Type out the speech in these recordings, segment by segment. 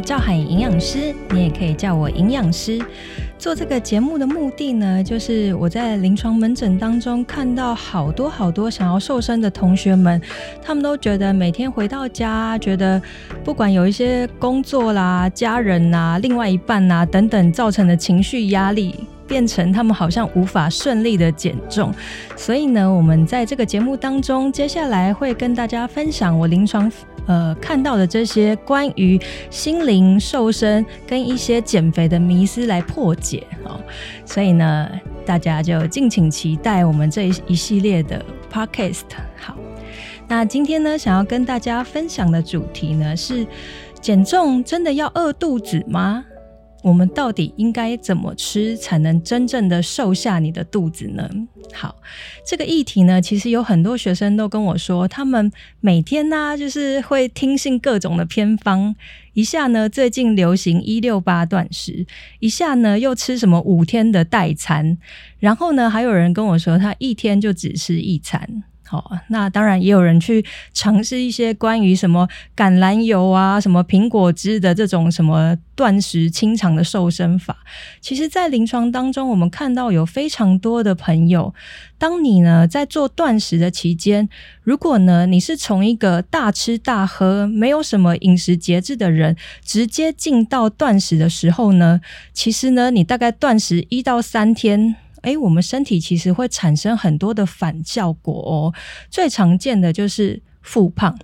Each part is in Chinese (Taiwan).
趙函穎營養師，你也可以叫我營養師。做這個節目的目的呢，就是我在臨床門診當中看到好多好多想要瘦身的同學們，他們都覺得每天回到家，覺得不管有一些工作啦、家人吶、啊、另外一半吶、啊、等等造成的情緒壓力，變成他們好像無法順利的減重。所以呢，我們在這個節目當中，接下來會跟大家分享我臨床。呃，看到的這些關於心靈瘦身，跟一些減肥的迷思來破解哦，所以呢，大家就敬請期待我們這一系列的 Podcast。好，那今天呢，想要跟大家分享的主題呢，是減重真的要餓肚子嗎？我們到底應該怎麼吃才能真正的瘦下你的肚子呢？好，這個議題呢，其實有很多學生都跟我說，他們每天呢、啊，就是會聽信各種的偏方，一下呢，最近流行一六八斷食，一下呢，又吃什麼五天的代餐，然後呢，還有人跟我說，他一天就只吃一餐。好、哦，那當然也有人去嘗試一些關於什麼橄欖油啊、什麼蘋果汁的這種什麼斷食清腸的瘦身法。其實，在臨床當中，我們看到有非常多的朋友，當你呢在做斷食的期間，如果呢你是從一個大吃大喝、沒有什麼飲食節制的人，直接進到斷食的時候呢，其實呢你大概斷食一到三天。哎、欸，我們身體其實會產生很多的反效果哦，最常見的就是復胖。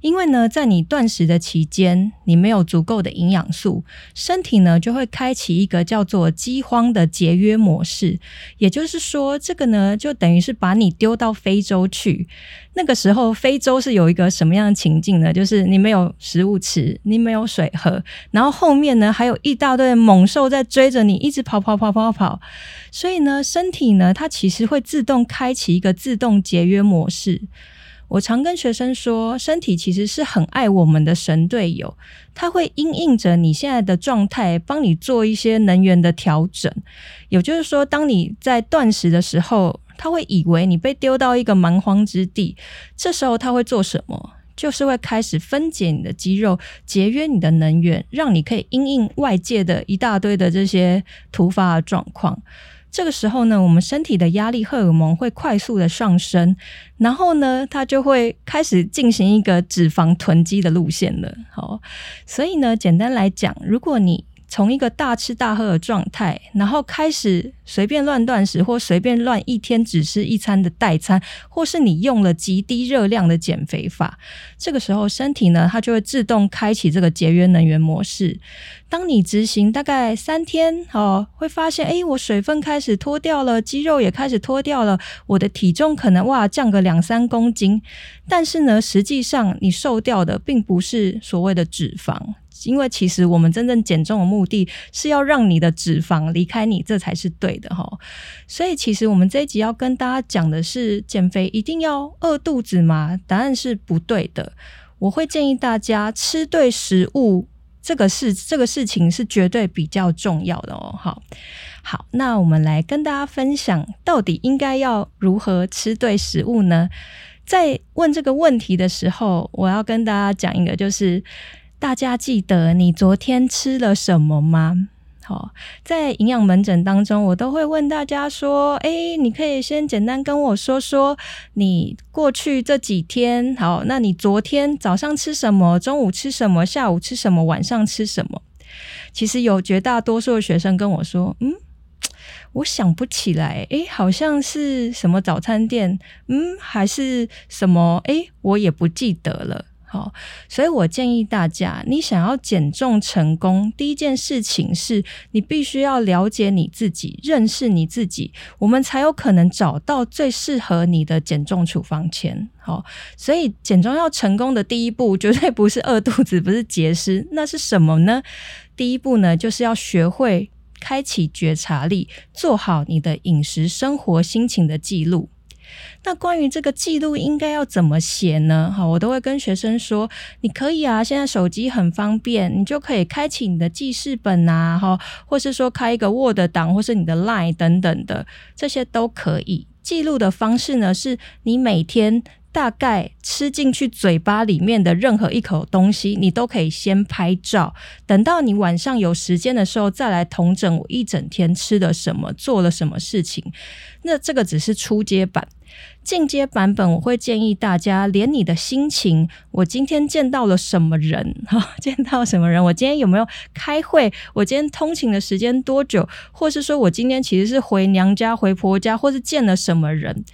因為呢，在你斷食的期間，你沒有足夠的營養素，身體呢就會開啟一個叫做“饑荒”的節約模式。也就是說，這個呢就等於是把你丟到非洲去。那個時候，非洲是有一個什麼樣的情境呢？就是你沒有食物吃，你沒有水喝，然後後面呢還有一大堆猛獸在追着你，一直跑跑跑跑跑。所以呢，身體呢它其實會自動開啟一個自動節約模式。我常跟學生說，身體其實是很愛我們的神隊友，他會因應著你現在的狀態，幫你做一些能源的調整。也就是說，當你在斷食的時候，他會以為你被丟到一個蠻荒之地，這時候他會做什麼？就是會開始分解你的肌肉，節約你的能源，讓你可以因應外界的一大堆的這些突發狀況。這個時候呢，我們身體的壓力荷爾蒙會快速的上升，然後呢，它就會開始進行一個脂肪囤積的路線了。好，所以呢，簡單來講，如果你從一個大吃大喝的狀態，然後開始隨便亂斷食，或隨便亂一天只吃一餐的代餐，或是你用了極低熱量的減肥法，這個時候身體呢，它就會自動開啟這個節約能源模式。當你執行大概三天哦，會發現哎，我水分開始脫掉了，肌肉也開始脫掉了，我的體重可能哇降個兩三公斤，但是呢，實際上你瘦掉的並不是所謂的脂肪。因為其實我們真正減重的目的是要讓你的脂肪離開你，這才是對的哈哦。所以其實我們這一集要跟大家講的是，減肥一定要餓肚子嗎？答案是不對的。我會建議大家吃對食物，這個事這個事情是絕對比較重要的哦。好，好，那我們來跟大家分享，到底應該要如何吃對食物呢？在問這個問題的時候，我要跟大家講一個，就是。大家記得你昨天吃了什麼嗎？好，在營養門診當中，我都會問大家說：“誒，你可以先簡單跟我說說，你過去這幾天，好，那你昨天早上吃什麼？中午吃什麼？下午吃什麼？晚上吃什麼？”其實有絕大多數的學生跟我說：“嗯，我想不起來。誒，好像是什麼早餐店，嗯，還是什麼？誒，我也不記得了。”哦，所以我建議大家，你想要減重成功，第一件事情是你必須要了解你自己，認識你自己，我們才有可能找到最適合你的減重處方簽。好，所以減重要成功的第一步，絕對不是餓肚子，不是節食，那是什麼呢？第一步呢，就是要學會開啟覺察力，做好你的飲食、生活、心情的記錄。那關於這個記錄應該要怎麼寫呢？哈，我都會跟學生說，你可以啊，現在手機很方便，你就可以開啟你的記事本啊，哈，或是說開一個 Word 檔，或是你的 Line 等等的，這些都可以。記錄的方式呢，是你每天大概吃進去嘴巴裡面的任何一口東西，你都可以先拍照，等到你晚上有時間的時候再來統整，我一整天吃的什麼，做了什麼事情。那這個只是初階版。進階版本，我會建議大家連你的心情，我今天見到了什麼人？哈，見到什麼人？我今天有沒有開會？我今天通勤的時間多久？或是說我今天其實是回娘家、回婆家，或是見了什麼人？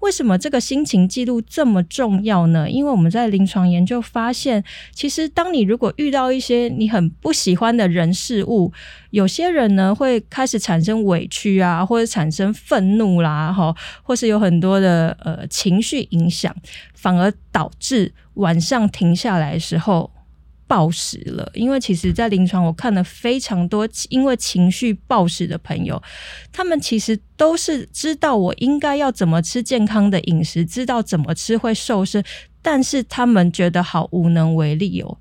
為什麼這個心情記錄這麼重要呢？因為我們在臨床研究發現，其實當你如果遇到一些你很不喜歡的人事物，有些人呢，會開始產生委屈啊，或者產生憤怒啦，哈，或是有很多的呃情緒影響，反而導致晚上停下來的時候。暴食了，因為其實在臨床我看了非常多因為情緒暴食的朋友，他們其實都是知道我應該要怎麼吃健康的飲食，知道怎麼吃會瘦身，但是他們覺得好無能為力哦。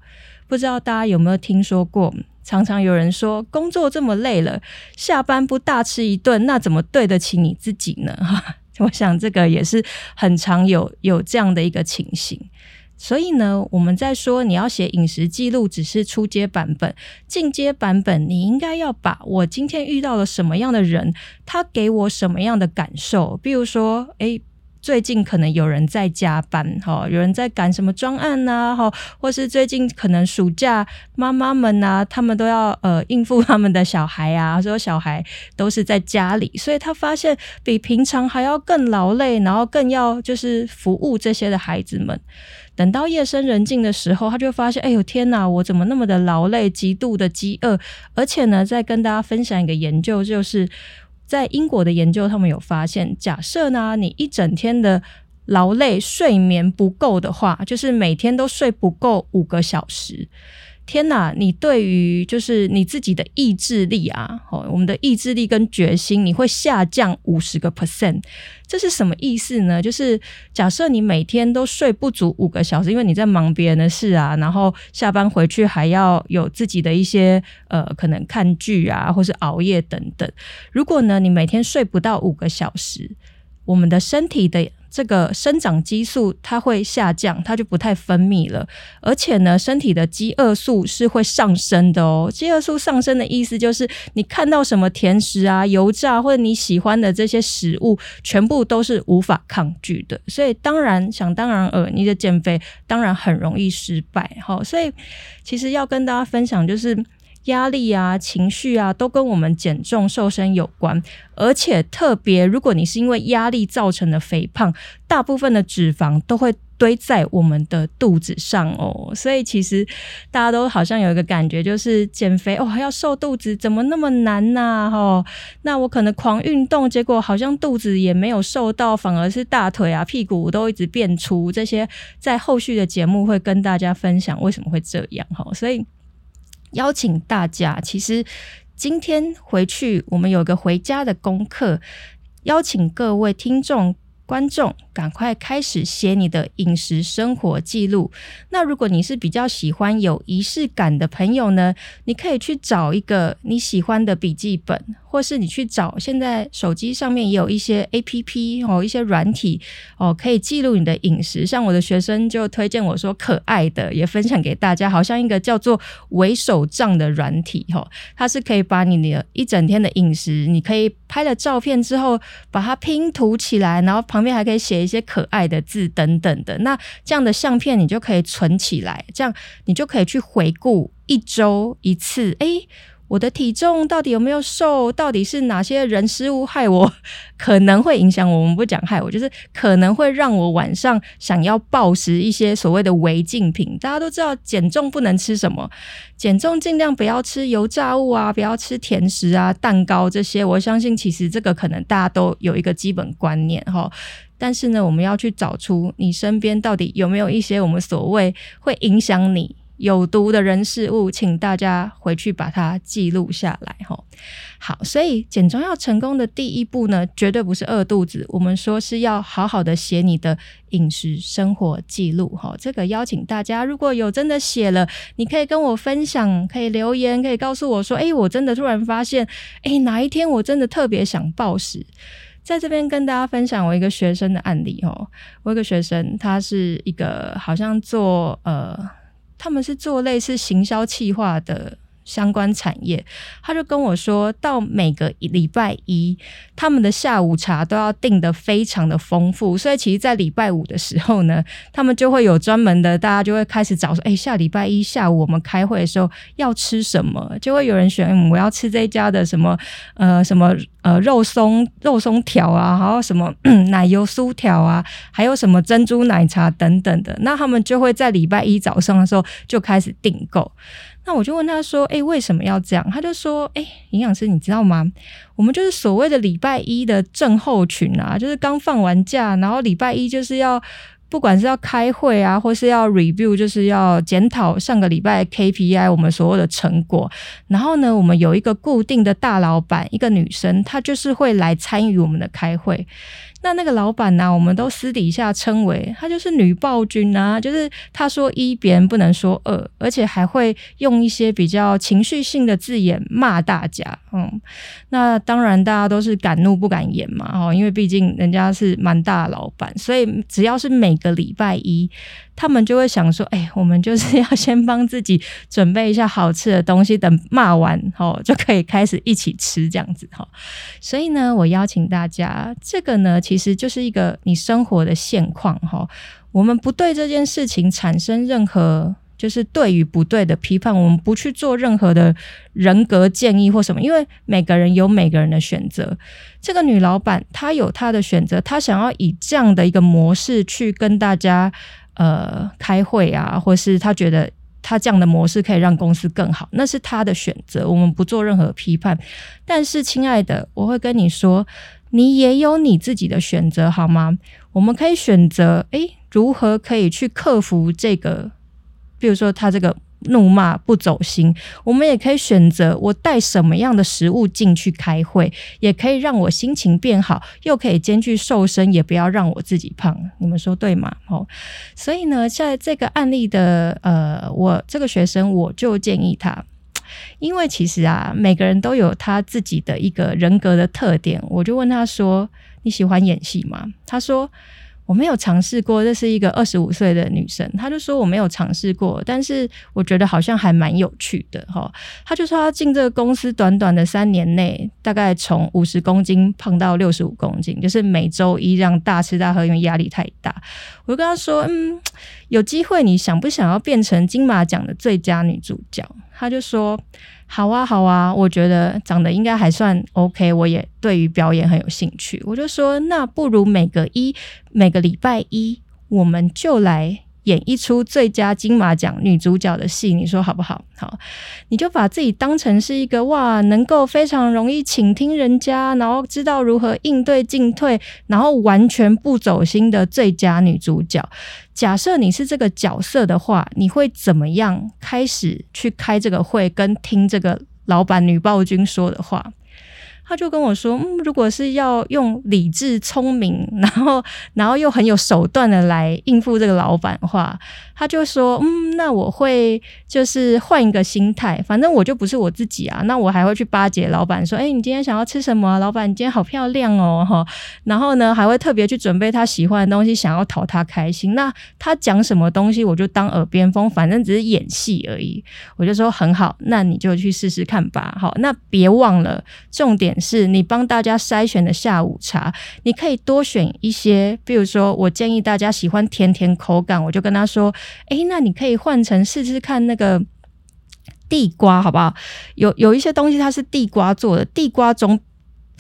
不知道大家有沒有聽說過？常常有人說工作這麼累了，下班不大吃一頓，那怎麼對得起你自己呢？哈， 我想這個也是很常有有這樣的一個情形。所以呢，我們在說，你要寫飲食記錄，只是初階版本，進階版本你應該要把我今天遇到了什麼樣的人，他給我什麼樣的感受，比如說，誒、欸。最近可能有人在加班哈、哦，有人在趕什麼專案吶、啊、哈、哦，或是最近可能暑假媽媽們吶、啊，他們都要呃應付他們的小孩啊，說小孩都是在家裡，所以他發現比平常還要更勞累，然後更要就是服務這些的孩子們。等到夜深人靜的時候，他就發現，哎呦天哪，我怎麼那麼的勞累，極度的飢餓，而且呢，再跟大家分享一個研究，就是。在英國的研究，他們有發現，假設呢，你一整天的勞累、睡眠不夠的話，就是每天都睡不夠五個小時。天吶，你對於就是你自己的意志力啊，哦，我們的意志力跟決心，你會下降五十個 percent，這是什麼意思呢？就是假設你每天都睡不足五個小時，因為你在忙別人的事啊，然後下班回去還要有自己的一些呃，可能看劇啊，或是熬夜等等。如果呢，你每天睡不到五個小時，我們的身體的。這個生長激素它會下降，它就不太分泌了，而且呢，身體的飢餓素是會上升的哦。飢餓素上升的意思就是，你看到什麼甜食啊、油炸或者你喜歡的這些食物，全部都是無法抗拒的。所以，當然想當然爾，你的減肥當然很容易失敗。好、哦，所以其實要跟大家分享就是。壓力啊，情緒啊，都跟我們減重瘦身有關，而且特別，如果你是因為壓力造成的肥胖，大部分的脂肪都會堆在我們的肚子上哦。所以其實大家都好像有一個感覺，就是減肥哦，還要瘦肚子，怎麼那麼難吶、啊？吼，那我可能狂運動，結果好像肚子也沒有瘦到，反而是大腿啊、屁股都一直變粗。這些在後續的節目會跟大家分享為什麼會這樣吼，所以。邀請大家，其實今天回去我們有一個回家的功課，邀請各位聽眾、觀眾。趕快開始寫你的飲食生活記錄。那如果你是比較喜歡有儀式感的朋友呢，你可以去找一個你喜歡的筆記本，或是你去找現在手機上面也有一些 APP 哦，一些軟體哦，可以記錄你的飲食。像我的學生就推薦我說可愛的，也分享給大家，好像一個叫做“為手賬”的軟體哈，它是可以把你的一整天的飲食，你可以拍了照片之後把它拼圖起來，然後旁邊還可以寫。一些可愛的字等等的，那這樣的相片你就可以存起來，這樣你就可以去回顧一周一次。哎、欸，我的體重到底有沒有瘦？到底是哪些人食物害我，可能會影響我們不講害我，就是可能會讓我晚上想要暴食一些所謂的違禁品。大家都知道減重不能吃什麼，減重盡量不要吃油炸物啊，不要吃甜食啊、蛋糕這些。我相信其實這個可能大家都有一個基本觀念哈。但是呢，我們要去找出你身邊到底有沒有一些我們所謂會影響你有毒的人事物，請大家回去把它記錄下來哈。好，所以減重要成功的第一步呢，絕對不是餓肚子，我們說是要好好的寫你的飲食生活記錄哈。這個邀請大家，如果有真的寫了，你可以跟我分享，可以留言，可以告訴我說，哎、欸，我真的突然發現，哎、欸，哪一天我真的特別想暴食。在這邊跟大家分享我一個學生的案例哦，我有個學生，他是一個好像做呃，他們是做類似行銷企劃的，相關產業，他就跟我說，到每個禮拜一，他們的下午茶都要訂得非常的豐富，所以其實，在禮拜五的時候呢，他們就會有專門的，大家就會開始找說，哎，欸，下禮拜一下午我們開會的時候要吃什麼，就會有人選，欸，我要吃這一家的什麼，呃，什麼，呃，肉鬆肉鬆條啊，還有什麼 奶油酥條啊，還有什麼珍珠奶茶等等的，那他們就會在禮拜一早上的時候就開始訂購。那我就問他說：“哎、欸，為什麼要這樣？”他就說：“哎、欸，營養師，你知道嗎？我們就是所謂的禮拜一的症候群啊，就是剛放完假，然後禮拜一就是要不管是要開會啊，或是要 review，就是要檢討上個禮拜 KPI 我們所有的成果。然後呢，我們有一個固定的大老闆，一個女生，她就是會來參與我們的開會。”那那個老闆呢，我們都私底下稱為他就是女暴君啊，就是他說一別人不能說二，而且還會用一些比較情緒性的字眼罵大家。嗯，那當然大家都是敢怒不敢言嘛，哦，因為畢竟人家是蠻大老闆，所以只要是每個禮拜一，他們就會想說，哎，我們就是要先幫自己準備一下好吃的東西，等罵完哈就可以開始一起吃這樣子哈。所以呢，我邀請大家，這個呢，其實。其實就是一個你生活的現況哈，我們不對這件事情產生任何就是對與不對的批判，我們不去做任何的人格建議或什麼，因為每個人有每個人的選擇。這個女老板她有她的選擇，她想要以這樣的一個模式去跟大家呃開會啊，或是她覺得她這樣的模式可以讓公司更好，那是她的選擇，我們不做任何批判。但是，親愛的，我會跟你說。你也有你自己的選擇，好嗎？我們可以選擇，誒、欸，如何可以去克服這個？比如說他這個怒罵不走心，我們也可以選擇我帶什麼樣的食物進去開會，也可以讓我心情變好，又可以兼具瘦身，也不要讓我自己胖。你們說對嗎？哦，所以呢，在這個案例的呃，我這個學生，我就建議他。因為其實啊，每個人都有他自己的一個人格的特點。我就問他說：“你喜歡演戲嗎？”他說，我沒有嘗試過，這是一個二十五歲的女生，她就說，我沒有嘗試過，但是我覺得好像還蠻有趣的哈。她就說她進這個公司短短的三年內，大概從五十公斤胖到六十五公斤，就是每周一這樣大吃大喝，因為壓力太大。我就跟她說，嗯，有機會你想不想要變成金馬獎的最佳女主角？她就說，好啊，好啊，我覺得長得應該還算 OK。我也對於表演很有興趣，我就說，那不如每個一，每個禮拜一，我們就來。演一齣最佳金馬獎女主角的戲，你說好不好？好，你就把自己當成是一個哇，能夠非常容易傾聽人家，然後知道如何應對進退，然後完全不走心的最佳女主角。假設你是這個角色的話，你會怎麼樣開始去開這個會，跟聽這個老闆女暴君說的話？他就跟我說：“嗯，如果是要用理智聰明，然後然後又很有手段的來應付這個老板的話。”他就說，嗯，那我會就是換一個心態，反正我就不是我自己啊。那我還會去巴結老板，說，哎、欸，你今天想要吃什麼啊？老板你今天好漂亮哦，吼，然後呢，還會特別去準備他喜歡的東西，想要討他開心。那他講什麼東西，我就當耳邊風，反正只是演戲而已。我就說很好，那你就去試試看吧。好，那別忘了，重點是你幫大家篩選的下午茶，你可以多選一些。比如說我建議大家喜歡甜甜口感，我就跟他說。哎、欸，那你可以換成試試看那個地瓜，好不好？有有一些東西它是地瓜做的，地瓜中。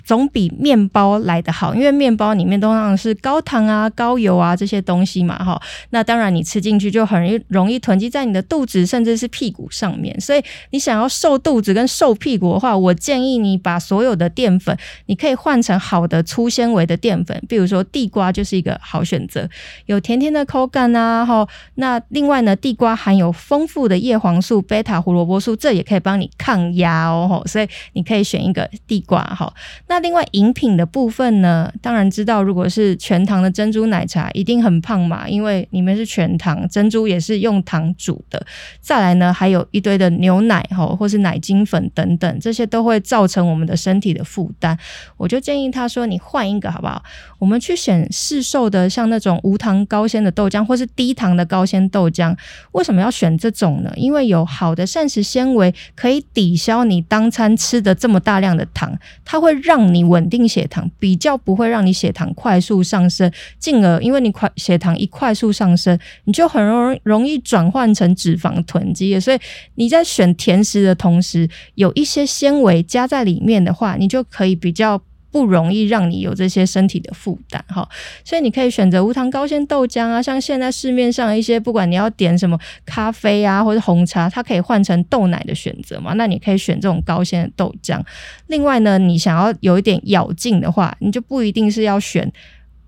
總比麵包來得好，因為麵包裡面通常是高糖啊、高油啊這些東西嘛，哈。那當然你吃進去就很容易容易囤積在你的肚子，甚至是屁股上面。所以你想要瘦肚子跟瘦屁股的話，我建議你把所有的澱粉，你可以換成好的粗纖維的澱粉，比如說地瓜就是一個好選擇，有甜甜的口感啊，哈。那另外呢，地瓜含有豐富的葉黃素、貝塔胡蘿蔔素，這也可以幫你抗壓哦，哈。所以你可以選一個地瓜，哈。那另外飲品的部分呢？當然知道，如果是全糖的珍珠奶茶，一定很胖嘛，因為裡面是全糖，珍珠也是用糖煮的。再來呢，還有一堆的牛奶吼或是奶精粉等等，這些都會造成我們的身體的負擔。我就建議他說，你換一個好不好？我們去選市售的，像那種無糖高纖的豆漿，或是低糖的高纖豆漿。為什麼要選這種呢？因為有好的膳食纖維可以抵消你當餐吃的這麼大量的糖，它會讓你穩定血糖比較不會讓你血糖快速上升，進而因為你快血糖一快速上升，你就很容容易轉換成脂肪囤積。所以你在選甜食的同時，有一些纖維加在裡面的話，你就可以比較。不容易讓你有這些身體的負擔，哈，所以你可以選擇無糖高纖豆漿啊，像現在市面上一些，不管你要點什麼咖啡啊，或者紅茶，它可以換成豆奶的選擇嘛，那你可以選這種高纖的豆漿。另外呢，你想要有一點咬勁的話，你就不一定是要選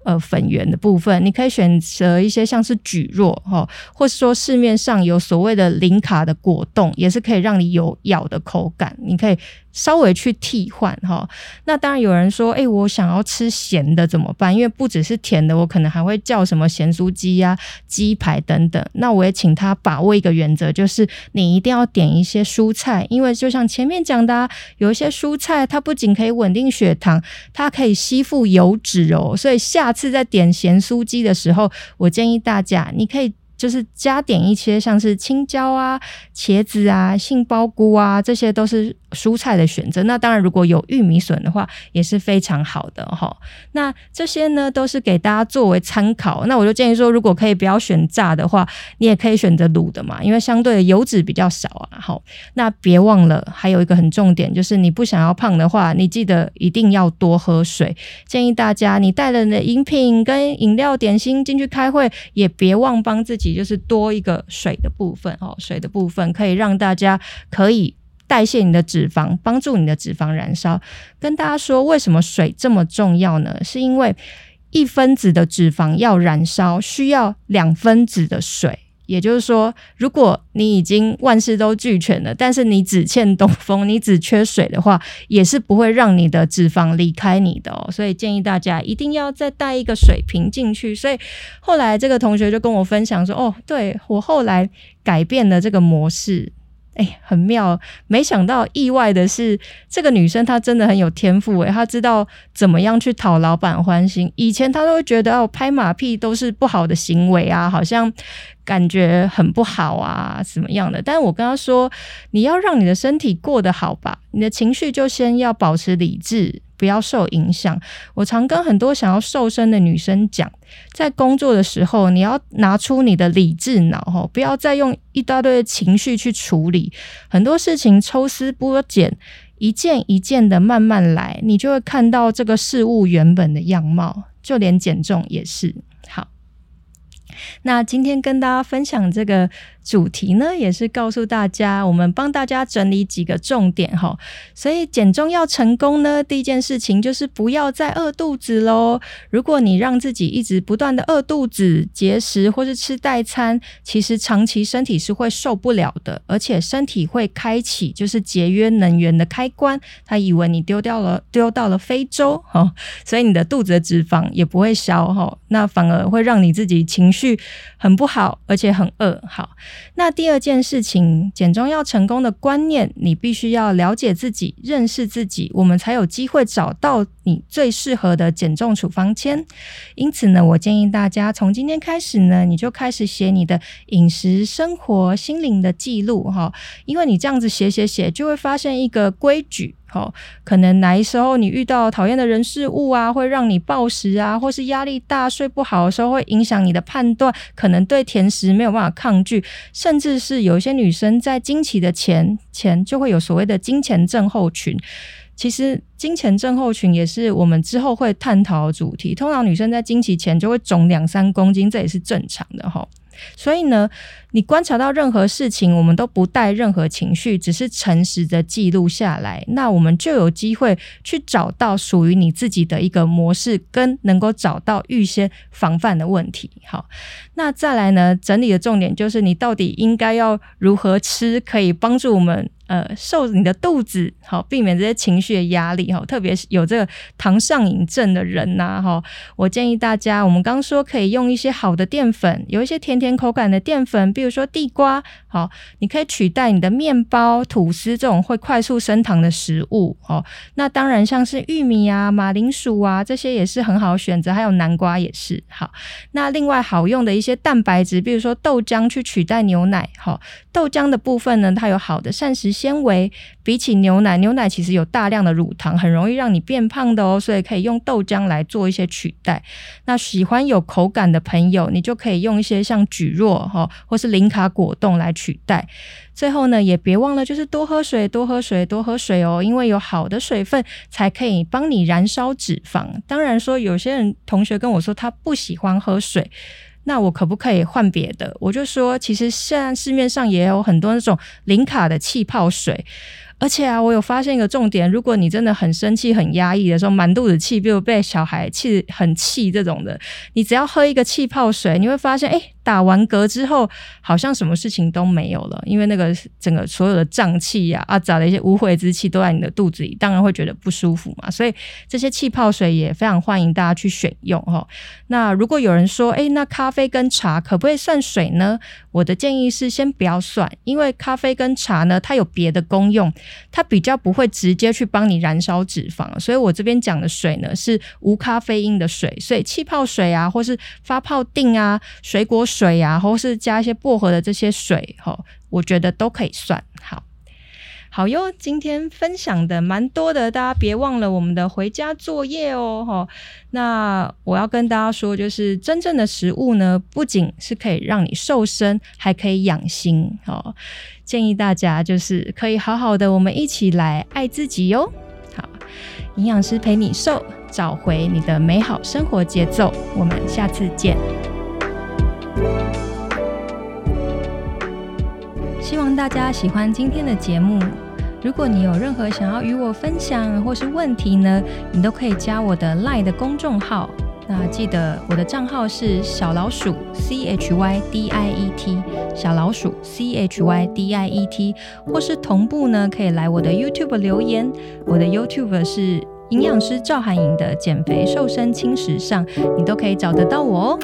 呃粉圓的部分，你可以選擇一些像是蒟蒻哈，或是說市面上有所謂的零卡的果凍，也是可以讓你有咬的口感，你可以。稍微去替換哈，那當然有人說，哎、欸，我想要吃鹹的怎麼辦？因為不只是甜的，我可能還會叫什麼鹹酥雞呀、啊、雞排等等。那我也請他把握一個原則，就是你一定要點一些蔬菜，因為就像前面講的、啊，有一些蔬菜它不僅可以穩定血糖，它可以吸附油脂哦、喔。所以下次在點鹹酥雞的時候，我建議大家你可以就是加點一些像是青椒啊、茄子啊、杏鮑菇啊，這些都是蔬菜的選擇，那當然如果有玉米筍的話也是非常好的哈。那這些呢都是給大家作為參考。那我就建議說，如果可以不要選炸的話，你也可以選擇滷的嘛，因為相對的油脂比較少啊。哈，那別忘了還有一個很重點，就是你不想要胖的話，你記得一定要多喝水。建議大家，你帶了你的飲品跟飲料點心進去開會，也別忘幫自己就是多一個水的部分哈，水的部分可以讓大家可以代謝你的脂肪，幫助你的脂肪燃燒。跟大家說，為什麼水這麼重要呢？是因為一分子的脂肪要燃燒，需要兩分子的水。也就是說，如果你已經萬事都俱全了，但是你只欠東風，你只缺水的話，也是不會讓你的脂肪離開你的哦。所以建議大家一定要再帶一個水瓶進去。所以後來這個同學就跟我分享說：“哦，對，我後來改變了這個模式。”哎、欸，很妙！沒想到，意外的是，這個女生她真的很有天賦、欸。誒，她知道怎麼樣去討老闆歡心。以前她都會覺得，哦，拍馬屁都是不好的行為啊，好像感覺很不好啊，什麼樣的？但我跟她說，你要讓你的身體過得好吧，你的情緒就先要保持理智。不要受影響，我常跟很多想要瘦身的女生講，在工作的時候，你要拿出你的理智腦，哈，不要再用一大堆的情緒去處理很多事情，抽絲剝繭，一件一件的慢慢來，你就會看到這個事物原本的樣貌。就連減重也是好。那今天跟大家分享這個主題呢，也是告訴大家，我們幫大家整理幾個重點哈。所以減重要成功呢，第一件事情就是不要再餓肚子嘍。如果你讓自己一直不斷的餓肚子、節食或是吃代餐，其實長期身體是會受不了的，而且身體會開啟就是節約能源的開關，他以為你丟掉了丟到了非洲哈、哦，所以你的肚子的脂肪也不會消哈、哦，那反而會讓你自己情緒，很不好，而且很餓。好，那第二件事情，減重要成功的觀念，你必須要了解自己、認識自己，我們才有機會找到你最適合的減重處方簽。因此呢，我建議大家從今天開始呢，你就開始寫你的飲食、生活、心靈的記錄，哈，因為你這樣子寫寫寫，就會發現一個規矩。好、哦，可能來時候你遇到討厭的人事物啊，會讓你暴食啊，或是壓力大，睡不好的時候，會影響你的判斷，可能對甜食沒有辦法抗拒，甚至是有一些女生在經期的前前就會有所謂的經前症候群。其實經前症候群也是我們之後會探討的主題。通常女生在經期前就會腫兩三公斤，這也是正常的吼。所以呢，你觀察到任何事情，我們都不帶任何情緒，只是誠實的記錄下來，那我們就有機會去找到屬於你自己的一個模式，跟能夠找到預先防範的問題。好，那再來呢，整理的重點就是你到底應該要如何吃，可以幫助我們。呃，瘦你的肚子，好避免這些情緒的壓力，哈，特別是有這個糖上癮症的人吶，哈，我建議大家，我們剛剛說可以用一些好的澱粉，有一些甜甜口感的澱粉，比如說地瓜。好，你可以取代你的麵包、吐司這種會快速升糖的食物哦。那當然，像是玉米啊、馬鈴薯啊這些也是很好選擇，還有南瓜也是。好，那另外好用的一些蛋白質，比如說豆漿，去取代牛奶。好、哦，豆漿的部分呢，它有好的膳食纖維，比起牛奶，牛奶其實有大量的乳糖，很容易讓你變胖的哦。所以可以用豆漿來做一些取代。那喜歡有口感的朋友，你就可以用一些像蒟蒻哈、哦，或是零卡果凍來取代。取代，最後呢也別忘了，就是多喝水，多喝水，多喝水哦，因為有好的水分才可以幫你燃燒脂肪。當然說，有些人同學跟我說他不喜歡喝水，那我可不可以換別的？我就說，其實現在市面上也有很多那種零卡的氣泡水。而且啊，我有發現一個重點，如果你真的很生氣、很壓抑的時候，滿肚子氣，比如被小孩氣得很氣這種的，你只要喝一個氣泡水，你會發現，哎、欸，打完嗝之後，好像什麼事情都沒有了，因為那個整個所有的脹氣呀、啊，找了一些污穢之氣都在你的肚子裡，當然會覺得不舒服嘛。所以這些氣泡水也非常歡迎大家去選用哈。那如果有人說，哎、欸，那咖啡跟茶可不可以算水呢？我的建議是先不要算，因為咖啡跟茶呢，它有別的功用。它比較不會直接去幫你燃燒脂肪，所以我這邊講的水呢，是無咖啡因的水，所以氣泡水啊，或是發泡錠啊，水果水啊，或是加一些薄荷的這些水，哈，我覺得都可以算，好。好喲，今天分享的蠻多的，大家別忘了我們的回家作業哦。吼，那我要跟大家說，就是真正的食物呢，不僅是可以讓你瘦身，還可以養心哦。建議大家就是可以好好的，我們一起來愛自己喲。好，營養師陪你瘦，找回你的美好生活節奏。我們下次見。希望大家喜歡今天的節目。如果你有任何想要與我分享或是問題呢，你都可以加我的 Line 的公眾號。那記得我的賬號是小老鼠 C H Y D I E T 小老鼠 C H Y D I E T，或是同步呢，可以來我的 YouTube 留言。我的 YouTube 是營養師趙函穎的減肥瘦身輕時尚，你都可以找得到我哦。